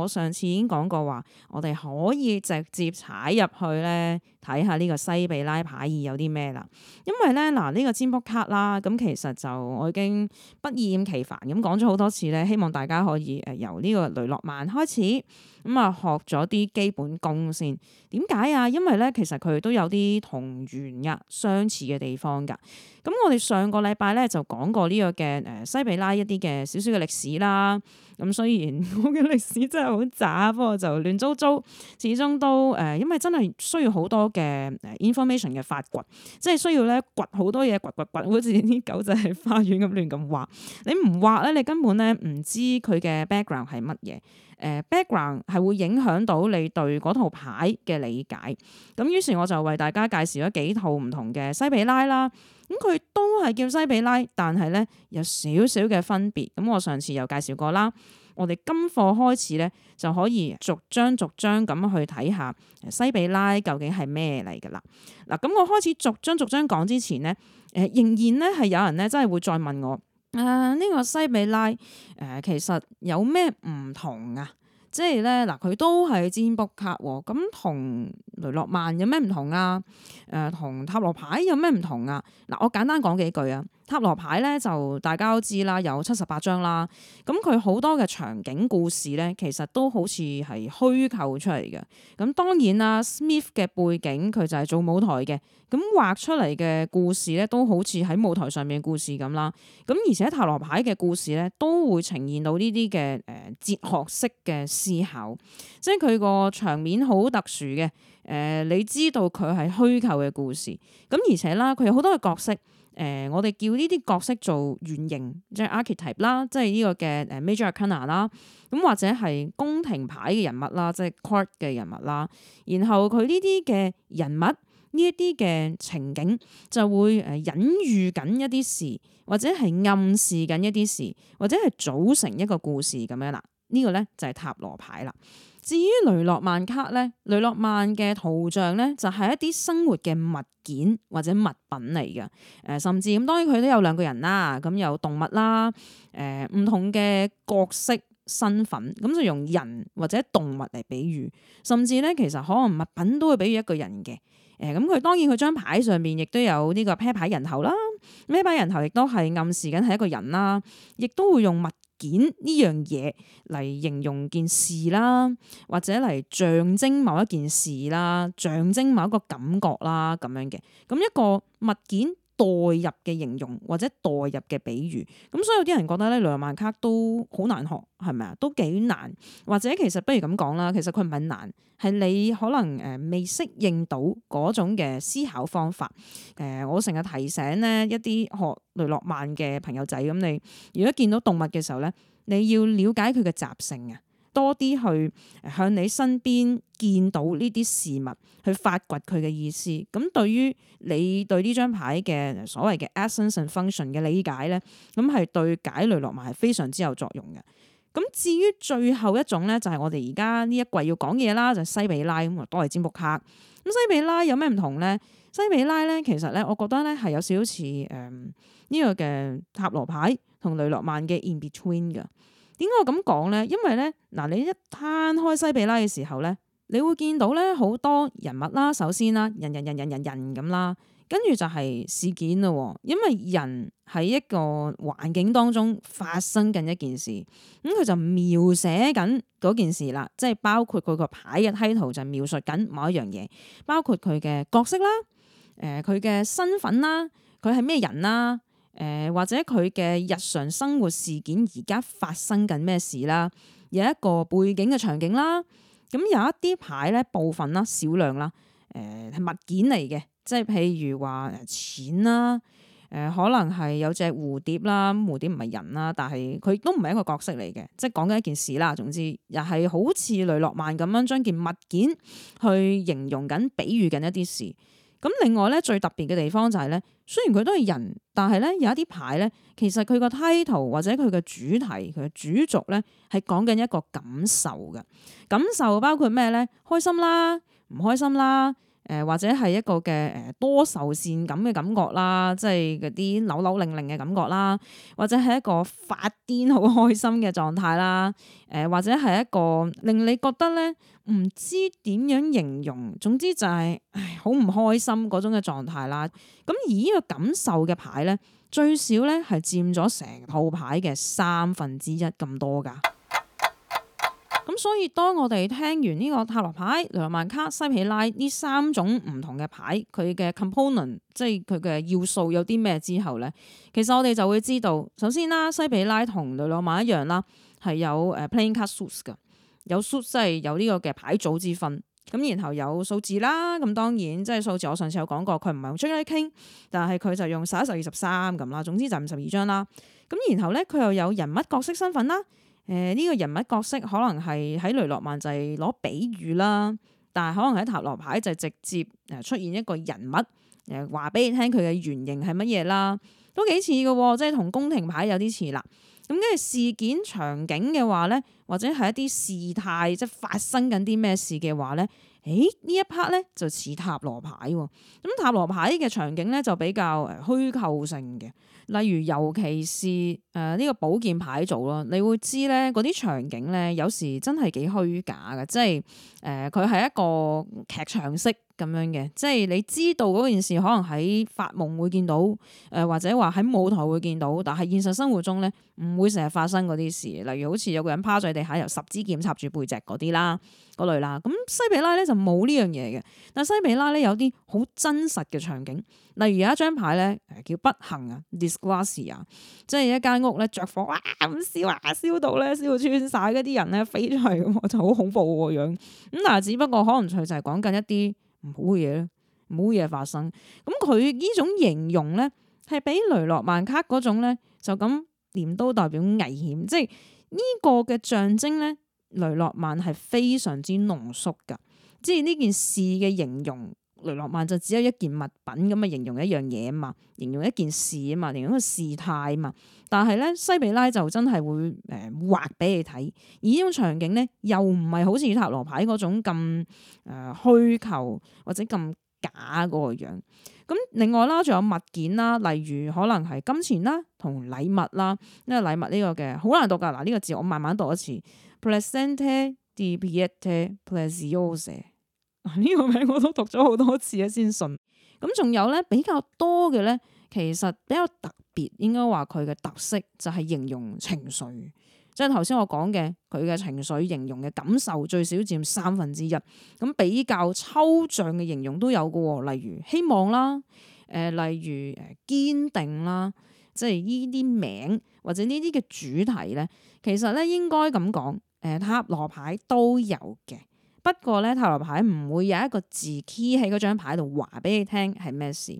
我上次已經講過話，我哋可以直接踩入去咧，睇下呢個西比拉牌二有啲咩啦。因為咧嗱，呢個占卜卡啦，咁其實就我已經不厭其煩咁講咗好多次咧，希望大家可以誒由呢個雷諾曼開始，咁啊學咗啲基本功先。點解啊？因為咧，其實佢都有啲同源壓相似嘅地方㗎。咁我哋上個禮拜咧就講過呢個嘅誒西比拉一啲嘅少少嘅歷史啦。咁雖然我嘅歷史真係好渣，不過就亂糟糟，始終都誒、呃，因為真係需要好多嘅誒 information 嘅發掘，即係需要咧掘好多嘢掘掘掘，好似啲狗仔喺花園咁亂咁挖。你唔挖咧，你根本咧唔知佢嘅 background 係乜嘢。誒 background 係會影響到你對嗰套牌嘅理解，咁於是我就為大家介紹咗幾套唔同嘅西比拉啦，咁佢都係叫西比拉，但係咧有少少嘅分別，咁我上次又介紹過啦，我哋今課開始咧就可以逐章逐章咁去睇下西比拉究竟係咩嚟㗎啦，嗱咁我開始逐章逐章講之前咧，誒仍然咧係有人咧真係會再問我。啊！呢、這個西比拉誒、呃，其實有咩唔同啊？即係咧嗱，佢都係占卜卡喎，咁、啊、同雷諾曼有咩唔同啊？誒、呃，同塔羅牌有咩唔同啊？嗱、啊，我簡單講幾句啊。塔羅牌咧就大家都知啦，有七十八張啦。咁佢好多嘅場景故事咧，其實都好似係虛構出嚟嘅。咁當然啦，Smith 嘅背景佢就係做舞台嘅，咁畫出嚟嘅故事咧都好似喺舞台上面嘅故事咁啦。咁而且塔羅牌嘅故事咧都會呈現到呢啲嘅誒哲學式嘅思考，即係佢個場面好特殊嘅。誒、呃，你知道佢係虛構嘅故事，咁而且啦，佢有好多嘅角色。誒、呃，我哋叫呢啲角色做原型，即係 archetype 啦，即係呢個嘅 major arcana 啦，咁或者係宮廷牌嘅人物啦，即係 court 嘅人物啦，然後佢呢啲嘅人物呢一啲嘅情景就會誒隱喻緊一啲事，或者係暗示緊一啲事，或者係組成一個故事咁樣啦。這個、呢個咧就係、是、塔羅牌啦。至於雷諾曼卡咧，雷諾曼嘅圖像咧就係一啲生活嘅物件或者物品嚟嘅，誒甚至咁當然佢都有兩個人啦，咁有動物啦，誒、呃、唔同嘅角色身份，咁就用人或者動物嚟比喻，甚至咧其實可能物品都會比喻一個人嘅，誒咁佢當然佢張牌上面亦都有呢個啤牌人頭啦，咩牌人頭亦都係暗示緊係一個人啦，亦都會用物件呢樣嘢嚟形容件事啦，或者嚟象徵某一件事啦，象徵某一個感覺啦，咁樣嘅，咁一個物件。代入嘅形容或者代入嘅比喻，咁所以有啲人覺得咧雷諾曼卡都好難學，係咪啊？都幾難，或者其實不如咁講啦，其實佢唔係難，係你可能誒未適應到嗰種嘅思考方法。誒、呃，我成日提醒呢一啲學雷諾曼嘅朋友仔，咁你如果見到動物嘅時候咧，你要了解佢嘅習性啊。多啲去向你身邊見到呢啲事物去發掘佢嘅意思，咁對於你對呢張牌嘅所謂嘅 essence and function 嘅理解咧，咁係對解雷諾曼係非常之有作用嘅。咁至於最後一種咧，就係我哋而家呢一季要講嘢啦，就係西比拉咁啊，多係佔卜客，咁西比拉有咩唔同咧？西比拉咧，其實咧，我覺得咧係有少少似誒呢個嘅塔羅牌同雷諾曼嘅 in between 嘅。點解我咁講咧？因為咧，嗱，你一攤開西比拉嘅時候咧，你會見到咧好多人物啦，首先啦，人人人人人人咁啦，跟住就係事件咯。因為人喺一個環境當中發生緊一件事，咁佢就描寫緊嗰件事啦，即係包括佢個牌嘅 title 就描述緊某一樣嘢，包括佢嘅角色啦，誒、呃，佢嘅身份啦，佢係咩人啦？誒、呃、或者佢嘅日常生活事件而家發生緊咩事啦？有一個背景嘅場景啦，咁、呃、有一啲牌咧，部分啦少量啦，誒、呃、係物件嚟嘅，即係譬如話錢啦，誒、呃、可能係有隻蝴蝶啦，蝴蝶唔係人啦，但係佢都唔係一個角色嚟嘅，即係講緊一件事啦。總之又係好似雷諾曼咁樣將件物件去形容緊、比喻緊一啲事。咁另外咧，最特別嘅地方就係咧，雖然佢都係人，但係咧，有一啲牌咧，其實佢個 title 或者佢嘅主題，佢嘅主軸咧係講緊一個感受嘅。感受包括咩咧？開心啦，唔開心啦，誒，或者係一個嘅誒，多愁善感嘅感覺啦，即係嗰啲扭扭令令嘅感覺啦，或者係一個發癲好開心嘅狀態啦，誒，或者係一個令你覺得咧。唔知點樣形容，總之就係、是、唉，好唔開心嗰種嘅狀態啦。咁而呢個感受嘅牌咧，最少咧係佔咗成套牌嘅三分之一咁多噶。咁 所以當我哋聽完呢個塔羅牌、雷諾曼卡、西比拉呢三種唔同嘅牌，佢嘅 component，即係佢嘅要素有啲咩之後咧，其實我哋就會知道，首先啦、啊，西比拉同雷諾曼卡一樣啦，係有 playing card suits 嘅。有數即係有呢個嘅牌組之分，咁，然後有數字啦。咁當然即係數字，我上次有講過佢唔係用 J、K 傾，但係佢就用十一、十二、十三咁啦。總之就五十二張啦。咁然後咧，佢又有人物角色身份啦。誒呢個人物角色可能係喺雷諾曼就係攞比喻啦，但係可能喺塔羅牌就直接誒出現一個人物誒話俾你聽佢嘅原型係乜嘢啦。都幾似嘅喎，即係同宮廷牌有啲似啦。咁跟住事件場景嘅話咧，或者係一啲事態，即係發生緊啲咩事嘅話咧，誒呢一 part 咧就似塔羅牌喎。咁塔羅牌嘅場景咧就比較虛構性嘅，例如尤其是誒呢、呃這個寶劍牌組咯，你會知咧嗰啲場景咧有時真係幾虛假嘅，即係誒佢係一個劇場式。咁樣嘅，即係你知道嗰件事可能喺發夢會見到，誒、呃、或者話喺舞台會見到，但係現實生活中咧唔會成日發生嗰啲事，例如好似有個人趴在地下由十支劍插住背脊嗰啲啦，嗰類啦，咁西比拉咧就冇呢樣嘢嘅，但西比拉咧有啲好真實嘅場景，例如有一張牌咧叫不幸啊，disgrace 啊，即係一間屋咧着火，哇咁燒啊燒到咧燒穿晒嗰啲人咧飛出嚟咁，就好恐怖個樣，咁嗱，只不過可能佢就係講緊一啲。唔好嘅嘢咧，唔好嘅嘢發生。咁佢呢種形容咧，係俾雷諾曼卡嗰種咧，就咁鐮刀代表危險，即係、這個、呢個嘅象徵咧。雷諾曼係非常之濃縮噶，即係呢件事嘅形容。雷諾曼就只有一件物品咁啊，形容一樣嘢啊嘛，形容一件事啊嘛，形容個事態啊嘛。但係咧，西比拉就真係會誒畫俾你睇，而呢種場景咧，又唔係好似塔羅牌嗰種咁誒虛構或者咁假個樣。咁另外啦，仲有物件啦，例如可能係金錢啦，同禮物啦，因為禮物呢個嘅好難讀噶。嗱，呢個字我慢慢讀一次，placente di piete plasiose。呢個名我都讀咗好多次啊，先信。咁仲有咧，比較多嘅咧，其實比較特別，應該話佢嘅特色就係形容情緒，即係頭先我講嘅佢嘅情緒形容嘅感受最少佔三分之一。咁比較抽象嘅形容都有嘅，例如希望啦，誒、呃，例如誒堅定啦，即係呢啲名或者呢啲嘅主題咧，其實咧應該咁講，誒、呃，塔羅牌都有嘅。不過咧，塔羅牌唔會有一個字 key 喺嗰張牌度話俾你聽係咩事，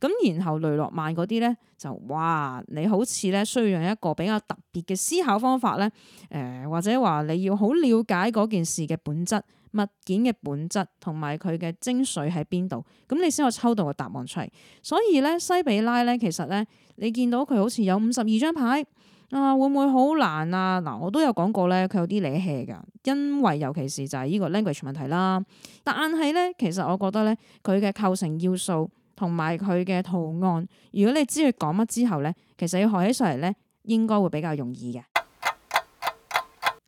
咁然後雷諾曼嗰啲咧就哇，你好似咧需要用一個比較特別嘅思考方法咧，誒、呃、或者話你要好了解嗰件事嘅本質，物件嘅本質同埋佢嘅精髓喺邊度，咁你先可以抽到個答案出嚟。所以咧西比拉咧，其實咧你見到佢好似有五十二張牌。啊，會唔會好難啊？嗱，我都有講過咧，佢有啲嘢 hea 㗎，因為尤其是就係呢個 language 問題啦。但係咧，其實我覺得咧，佢嘅構成要素同埋佢嘅圖案，如果你知佢講乜之後咧，其實要學起上嚟咧，應該會比較容易嘅。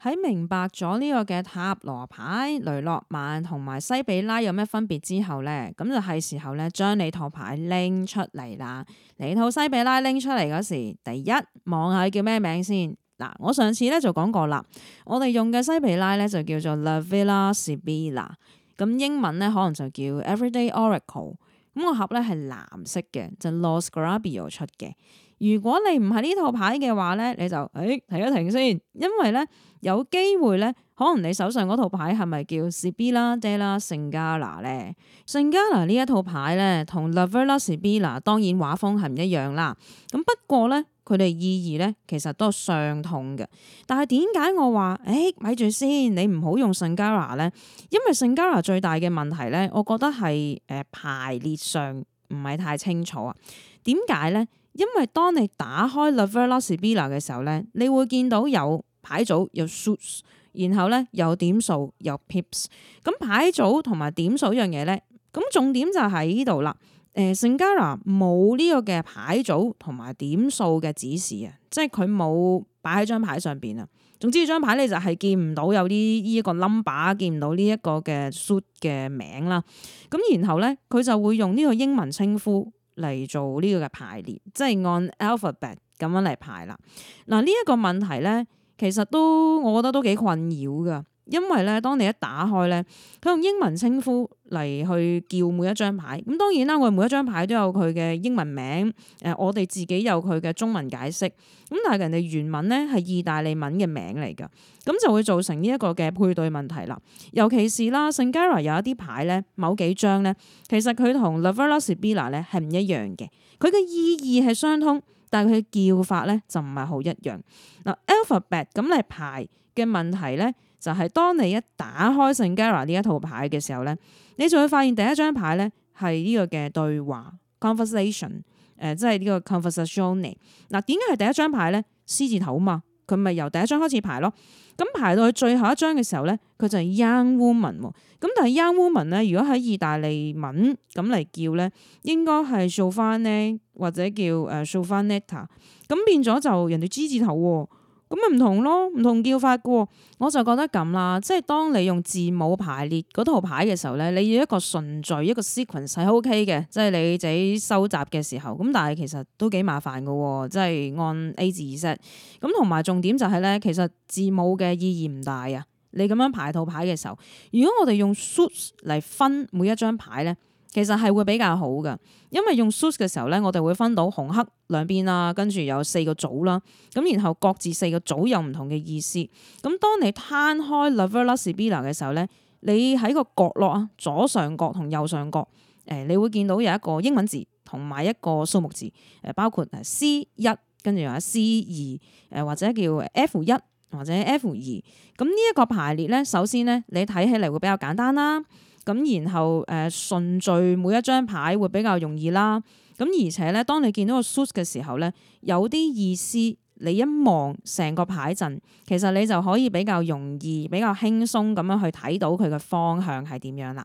喺明白咗呢個嘅塔羅牌、雷諾曼同埋西比拉有咩分別之後呢，咁就係時候呢將你套牌拎出嚟啦。你套西比拉拎出嚟嗰時，第一望下佢叫咩名先。嗱，我上次呢就講過啦，我哋用嘅西比拉呢就叫做 Lavila Sibila，咁英文呢可能就叫 Everyday Oracle。咁個盒呢係藍色嘅，就 Los Grabio 出嘅。如果你唔係呢套牌嘅話咧，你就誒、欸、停一停先，因為咧有機會咧，可能你手上嗰套牌係咪叫 C B 啦、即係啦、聖加納咧？聖加納呢一套牌咧，同 Lover CB 啦，當然畫風係唔一樣啦。咁不過咧，佢哋意義咧，其實都係相通嘅。但係點解我話誒，咪住先，你唔好用聖加納咧，因為聖加納最大嘅問題咧，我覺得係誒、呃、排列上唔係太清楚啊。點解咧？因為當你打開 La Vera Sibilla 嘅時候咧，你會見到有牌組，有 suits, 然後咧有點數，有 pips。咁牌組同埋點數一樣嘢咧，咁重點就喺呢度啦。誒，Zingara 冇呢個嘅牌組同埋點數嘅指示啊，即係佢冇擺喺張牌上邊啊。總之，張牌咧就係見唔到有呢呢一個 number，見唔到呢一個嘅 suit 嘅名啦。咁然後咧，佢就會用呢個英文稱呼。嚟做呢個嘅排列，即係按 alphabet 咁樣嚟排啦。嗱，呢一個問題咧，其實都我覺得都幾困擾噶。因為咧，當你一打開咧，佢用英文稱呼嚟去叫每一張牌。咁當然啦，我每一張牌都有佢嘅英文名。誒，我哋自己有佢嘅中文解釋。咁但係人哋原文咧係意大利文嘅名嚟噶，咁就會造成呢一個嘅配對問題啦。尤其是啦，Singara 有一啲牌咧，某幾張咧，其實佢同 Lavella Sibilla 咧係唔一樣嘅。佢嘅意義係相通，但係佢嘅叫法咧就唔係好一樣嗱。alphabet 咁嚟牌嘅問題咧。就係當你一打開《聖 Gara》呢一套牌嘅時候咧，你就會發現第一張牌咧係呢個嘅對話 conversation，誒、呃、即係、就、呢、是、個 conversation、e。嗱，點解係第一張牌咧？獅字頭嘛，佢咪由第一張開始排咯。咁、嗯、排到去最後一張嘅時候咧，佢就係 young woman。咁但係 young woman 咧，如果喺意大利文咁嚟叫咧，應該係做翻咧或者叫 s o 做翻 letter。咁變咗就人哋獅字頭、啊。咁咪唔同咯，唔同叫法嘅。我就覺得咁啦，即係當你用字母排列嗰套牌嘅時候咧，你要一個順序，一個 sequence 係 OK 嘅，即係你自己收集嘅時候。咁但係其實都幾麻煩嘅，即係按 A 至 Z。咁同埋重點就係、是、咧，其實字母嘅意義唔大啊。你咁樣排套牌嘅時候，如果我哋用 suit 嚟分每一張牌咧。其實係會比較好嘅，因為用 suits 嘅時候咧，我哋會分到紅黑兩邊啦，跟住有四個組啦，咁然後各自四個組有唔同嘅意思。咁當你攤開 La Vera Sibilla 嘅時候咧，你喺個角落啊，左上角同右上角，誒，你會見到有一個英文字同埋一個數目字，誒，包括 C 一，跟住有 C 二，誒或者叫 F 一或者 F 二。咁呢一個排列咧，首先咧你睇起嚟會比較簡單啦。咁然後誒順、呃、序每一張牌會比較容易啦。咁而且咧，當你見到個 suit 嘅時候咧，有啲意思，你一望成個牌陣，其實你就可以比較容易、比較輕鬆咁樣去睇到佢嘅方向係點樣啦。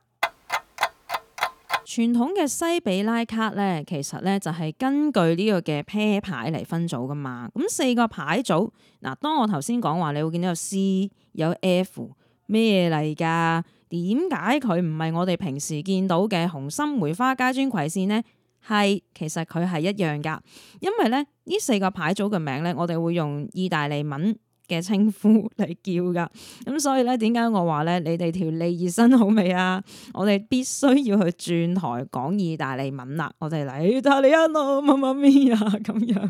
傳統嘅西比拉卡咧，其實咧就係、是、根據呢個嘅啤牌嚟分組㗎嘛。咁四個牌組，嗱，當我頭先講話，你會見到有 C 有 F，咩嚟㗎？點解佢唔係我哋平時見到嘅、紅心、梅花、階磚、葵扇咧？係，其實佢係一樣㗎，因為咧呢四個牌組嘅名咧，我哋會用意大利文。嘅稱呼嚟叫噶，咁所以咧，點解我話咧？你哋條脷熱身好未啊？我哋必須要去轉台講意大利文啦！我哋嚟意大利啊，乜乜乜啊，咁樣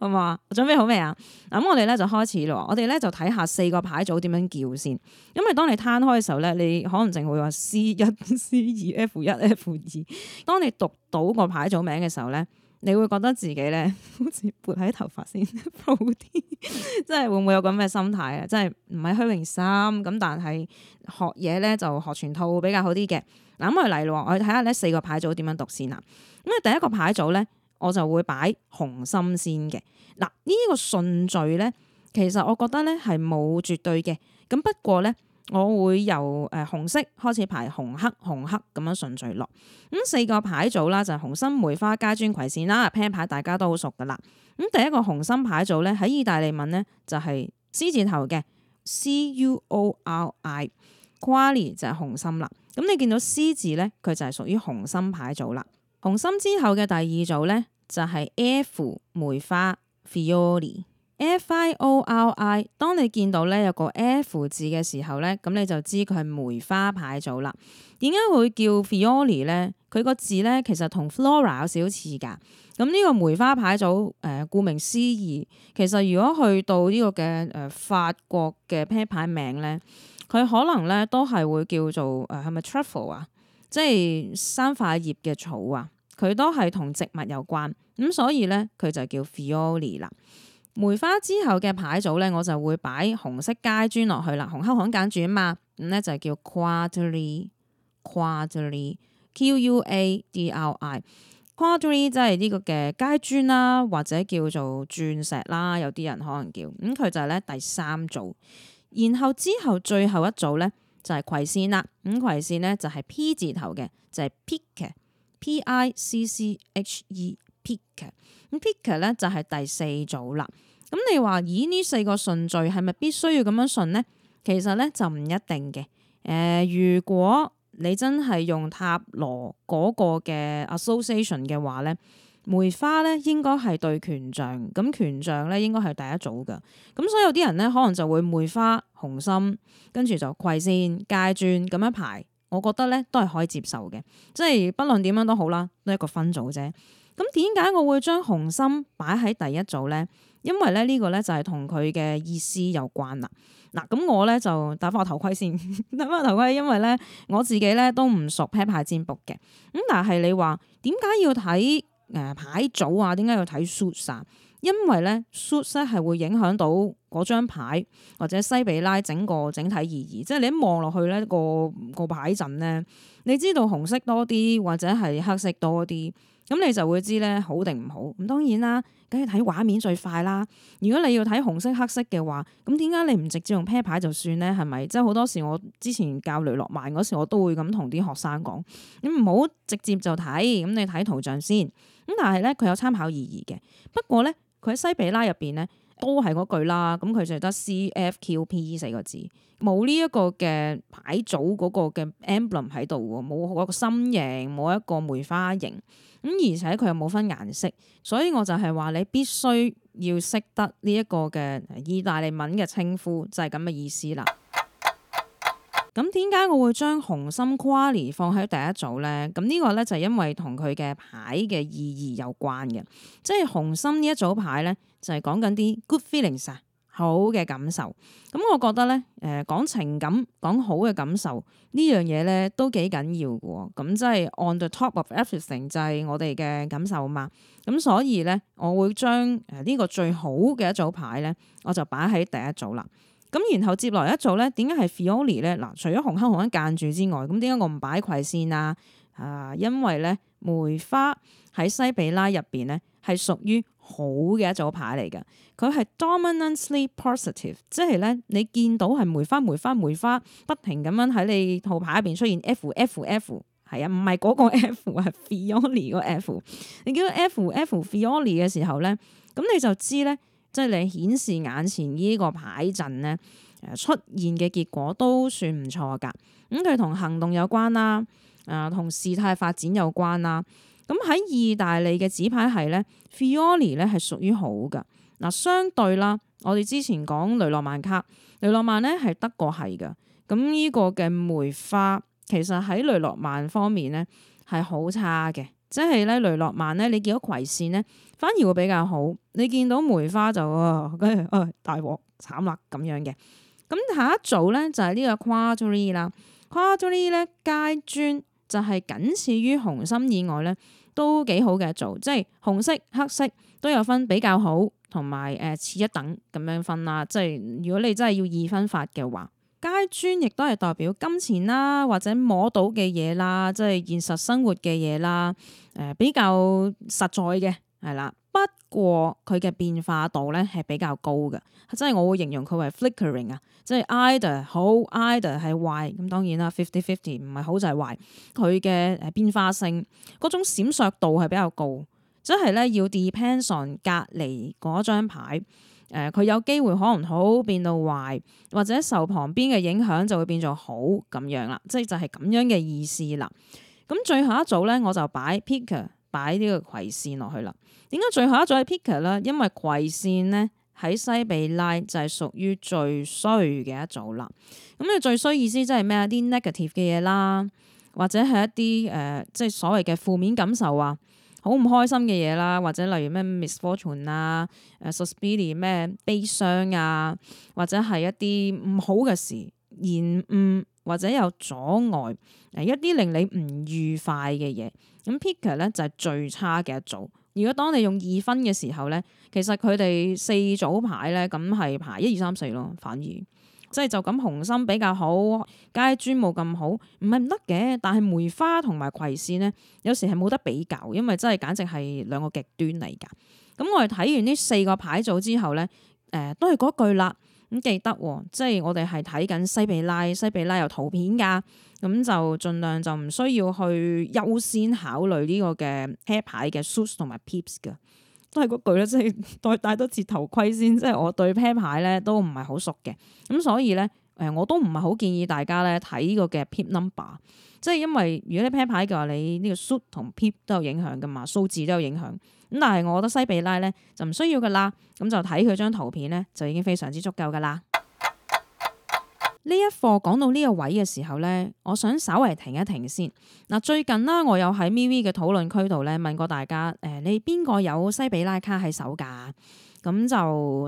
好嘛？準備好未啊？嗱、嗯，咁我哋咧就開始咯。我哋咧就睇下四個牌組點樣叫先。因為當你攤開嘅時候咧，你可能淨會話 C 一、 C 二、F 一、F 二。當你讀到個牌組名嘅時候咧。你會覺得自己咧，好似撥喺頭髮先好啲，即 係會唔會有咁嘅心態啊？即係唔係虛榮心咁，但係學嘢咧就學全套比較好啲嘅。嗱咁啊，嚟啦，我睇下呢四個牌組點樣讀先啊。咁啊，第一個牌組咧，我就會擺紅心先嘅。嗱呢個順序咧，其實我覺得咧係冇絕對嘅。咁不過咧。我會由誒紅色開始排紅黑紅黑咁樣順序落，咁四個牌組啦就係紅心梅花加磚葵扇啦，啤牌大家都好熟噶啦。咁第一個紅心牌組咧喺意大利文咧就係 C 字頭嘅 C U O R I，Cuori 就係紅心啦。咁你見到 C 字咧，佢就係屬於紅心牌組啦。紅心之後嘅第二組咧就係 F 梅花 Fiori。Fiori，當你見到咧有個 F 字嘅時候咧，咁你就知佢係梅花牌組啦。點解會叫 Fiori 咧？佢個字咧其實同 Flora 有少似噶。咁呢個梅花牌組誒，顧名思義，其實如果去到呢個嘅誒、呃、法國嘅啤牌名咧，佢可能咧都係會叫做誒係咪 Truffle 啊？即係三塊葉嘅草啊，佢都係同植物有關。咁所以咧，佢就叫 Fiori 啦。梅花之後嘅牌組咧，我就會擺紅色階磚落去啦，紅黑紅間轉嘛，咁、嗯、咧就叫 quadri，quadri，Q U A D R I，quadri 即係呢個嘅階磚啦，或者叫做鑽石啦，有啲人可能叫，咁、嗯、佢就咧第三組，然後之後最後一組咧就係、是、葵扇啦，咁、嗯、葵扇咧就係、是、P 字頭嘅，就係、是、picche，P I C C H E，pick 嘅、er, 咁 pick 咧、er、就係第四組啦。咁你話以呢四個順序係咪必須要咁樣順咧？其實咧就唔一定嘅。誒、呃，如果你真係用塔羅嗰個嘅 association 嘅話咧，梅花咧應該係對權杖，咁權杖咧應該係第一組嘅。咁所以有啲人咧可能就會梅花紅心，跟住就葵扇階磚，咁樣排。我覺得咧都係可以接受嘅，即係不論點樣都好啦，都係一個分組啫。咁點解我會將紅心擺喺第一組咧？因為咧呢個咧就係同佢嘅意思有關啦。嗱，咁我咧就戴翻個頭盔先，戴翻個頭盔，因為咧我自己咧都唔熟啤牌占卜嘅。咁但係你話點解要睇誒牌組啊？點解要睇 suit 啊？因為咧 suit 咧係會影響到嗰張牌或者西比拉整個整體意義。即係你一望落去咧個個牌陣咧，你知道紅色多啲或者係黑色多啲。咁你就會知咧好定唔好，咁當然啦，梗係睇畫面最快啦。如果你要睇紅色黑色嘅話，咁點解你唔直接用啤牌就算咧？係咪？即係好多時我之前教雷諾曼嗰時，我都會咁同啲學生講：你唔好直接就睇，咁你睇圖像先。咁但係咧，佢有參考意義嘅。不過咧，佢喺西比拉入邊咧。都係嗰句啦，咁佢就得 C F Q P、E，四個字，冇呢一個嘅牌組嗰個嘅 emblem 喺度喎，冇一個心形，冇一個梅花形，咁而且佢又冇分顏色，所以我就係話你必須要識得呢一個嘅意大利文嘅稱呼，就係咁嘅意思啦。咁點解我會將紅心跨年放喺第一組咧？咁、這、呢個咧就係因為同佢嘅牌嘅意義有關嘅，即係紅心呢一組牌咧就係講緊啲 good feelings 啊，好嘅感受。咁、嗯、我覺得咧，誒講情感、講好嘅感受呢樣嘢咧都幾緊要嘅。咁即係 on the top of everything 就係我哋嘅感受嘛。咁、嗯、所以咧，我會將誒呢個最好嘅一組牌咧，我就擺喺第一組啦。咁然後接來一組咧，點解係 Fiori 咧？嗱，除咗紅黑紅黑間住之外，咁點解我唔擺葵先啊？啊，因為咧，梅花喺西比拉入邊咧，係屬於好嘅一組牌嚟㗎。佢係 dominantly positive，即係咧，你見到係梅花、梅花、梅花不停咁樣喺你號牌入邊出現 F、F、F，係啊，唔係嗰個 F，係 Fiori 個 F。你見到 F、F、F、Fiori 嘅時候咧，咁你就知咧。即係你顯示眼前呢個牌陣咧，呃，出現嘅結果都算唔錯㗎。咁佢同行動有關啦，啊，呃，同事態發展有關啦。咁，嗯、喺意大利嘅紙牌系咧，Fiori 咧係屬於好㗎。嗱，嗯，相對啦，我哋之前講雷諾曼卡，雷諾曼咧係德國系，嗯，這個係㗎。咁呢個嘅梅花其實喺雷諾曼方面咧係好差嘅。即係咧，雷諾曼咧，你見到葵扇咧，反而會比較好。你見到梅花就跟住哦，大鑊慘啦，咁樣嘅。咁下一組咧就係、是、呢個 quadril t 啦。quadril t 咧階磚就係僅次於紅心以外咧都幾好嘅。組，即係紅色黑色都有分比較好同埋，誒似一等咁樣分啦。即係如果你真係要二分法嘅話。街磚亦都係代表金錢啦，或者摸到嘅嘢啦，即係現實生活嘅嘢啦，誒、呃、比較實在嘅係啦。不過佢嘅變化度咧係比較高嘅，係真係我會形容佢為 flickering 啊，即係 either 好 either 係壞。咁當然啦，fifty fifty 唔係好就係壞，佢嘅誒變化性嗰種閃爍度係比較高，即係咧要 depends on 隔離嗰張牌。誒佢、呃、有機會可能好變到壞，或者受旁邊嘅影響就會變咗好咁樣啦，即係就係咁樣嘅意思啦。咁最後一組咧，我就擺 Pika c 擺呢個葵線落去啦。點解最後一組係 Pika c 咧？因為葵線咧喺西比拉就係屬於最衰嘅一組啦。咁你最衰意思即係咩？啲 negative 嘅嘢啦，或者係一啲誒即係所謂嘅負面感受啊。好唔開心嘅嘢啦，或者例如咩 misfortune 啊、誒 suspicion 咩悲傷啊，或者係一啲唔好嘅事、延誤或者有阻礙誒一啲令你唔愉快嘅嘢。咁 picture 咧就係最差嘅一組。如果當你用二分嘅時候咧，其實佢哋四組牌咧咁係排一二三四咯，1, 2, 3, 4, 反而。即係就咁紅心比較好，階磚冇咁好，唔係唔得嘅。但係梅花同埋葵扇呢，有時係冇得比較，因為真係簡直係兩個極端嚟㗎。咁我哋睇完呢四個牌組之後呢，誒、呃、都係嗰句啦，咁記得、哦，即係我哋係睇緊西比拉，西比拉有圖片㗎，咁就儘量就唔需要去優先考慮呢個嘅黑牌嘅 suit 同埋 pips 嘅。都係嗰句啦，即係戴戴多次頭盔先。即係我對 pair 牌咧都唔係好熟嘅，咁所以咧誒我都唔係好建議大家咧睇呢個嘅 pip number，即係因為如果你 pair 牌嘅話，你呢個 suit 同 pip 都有影響噶嘛，數字都有影響。咁但係我覺得西比拉咧就唔需要噶啦，咁就睇佢張圖片咧就已經非常之足夠噶啦。呢一課講到呢個位嘅時候咧，我想稍微停一停先。嗱，最近啦，我有喺咪咪嘅討論區度咧問過大家，誒、呃，你邊個有西比拉卡喺手㗎？咁就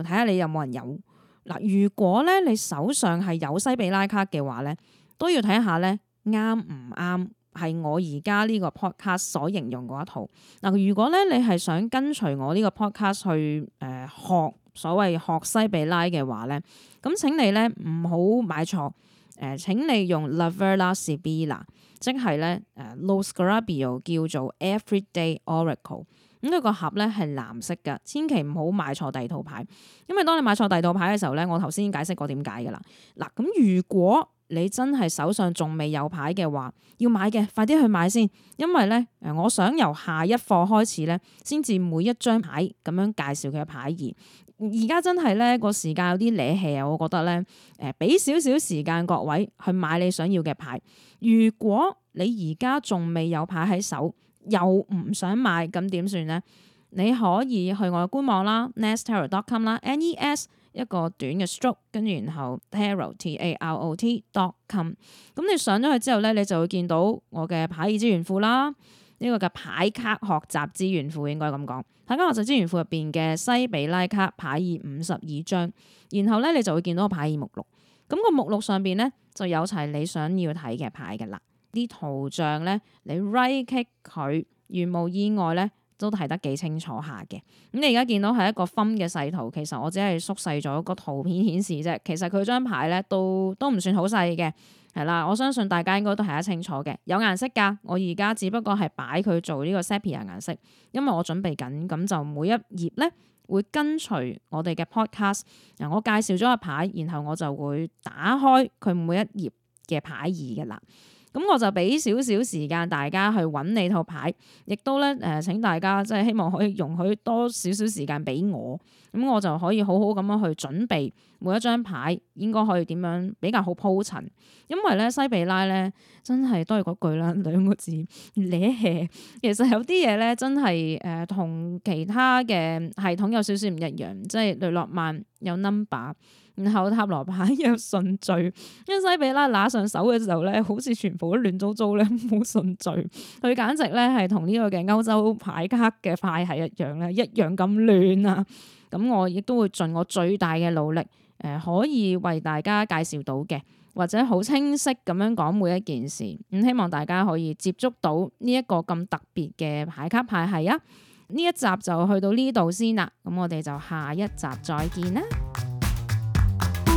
睇下你有冇人有。嗱、呃，如果咧你手上係有西比拉卡嘅話咧，都要睇下咧啱唔啱，係我而家呢個 podcast 所形容嗰一套。嗱、呃，如果咧你係想跟隨我呢個 podcast 去誒、呃、學。所謂學西比拉嘅話咧，咁請你咧唔好買錯誒！請你用 La Vera Sibilla，e 即係咧 Lo Scarabeo，叫做 Everyday Oracle。咁佢個盒咧係藍色嘅，千祈唔好買錯第二套牌。因為當你買錯第二套牌嘅時候咧，我頭先解釋過點解嘅啦。嗱，咁如果你真係手上仲未有牌嘅話，要買嘅快啲去買先，因為咧誒，我想由下一課開始咧，先至每一張牌咁樣介紹佢嘅牌義。而家真係呢個時間有啲嘅氣啊！我覺得呢，誒俾少少時間各位去買你想要嘅牌。如果你而家仲未有牌喺手，又唔想買，咁點算呢？你可以去我嘅官網啦，nestero.com r r 啦，n e s 一個短嘅 stroke，跟住然後 terro t a r o t.com。咁你上咗去之後呢，你就會見到我嘅牌意資源庫啦。呢個叫牌卡學習資源庫應該咁講，牌卡學習資源庫入邊嘅西比拉卡牌二五十二張，然後咧你就會見到個牌二目錄，咁、那個目錄上邊咧就有齊你想要睇嘅牌㗎喇。啲圖像咧，你 Right Click 佢，如無意外咧都睇得幾清楚下嘅。咁你而家見到係一個分嘅細圖，其實我只係縮細咗個圖片顯示啫。其實佢張牌咧都都唔算好細嘅。係啦，我相信大家應該都睇得清楚嘅，有顏色噶。我而家只不過係擺佢做呢個 sepia 顏色，因為我準備緊，咁就每一頁呢，會跟隨我哋嘅 podcast、呃。嗱，我介紹咗個牌，然後我就會打開佢每一頁嘅牌二嘅啦。咁我就俾少少時間大家去揾你套牌，亦都咧誒、呃、請大家即係希望可以容許多少少時間俾我，咁我就可以好好咁樣去準備每一張牌，應該可以點樣比較好鋪陳。因為咧西比拉咧真係都係嗰句啦兩個字，叻 其實有啲嘢咧真係誒同其他嘅系統有少少唔一樣，即係雷諾曼有 number。然後塔羅牌嘅順序，因為西比拉拿上手嘅時候咧，好似全部都亂糟糟咧，冇順序。佢簡直咧係同呢個嘅歐洲牌卡嘅派系一樣咧，一樣咁亂啊！咁我亦都會盡我最大嘅努力，誒、呃、可以為大家介紹到嘅，或者好清晰咁樣講每一件事。咁希望大家可以接觸到呢一個咁特別嘅牌卡派系啊！呢一集就去到呢度先啦，咁我哋就下一集再見啦～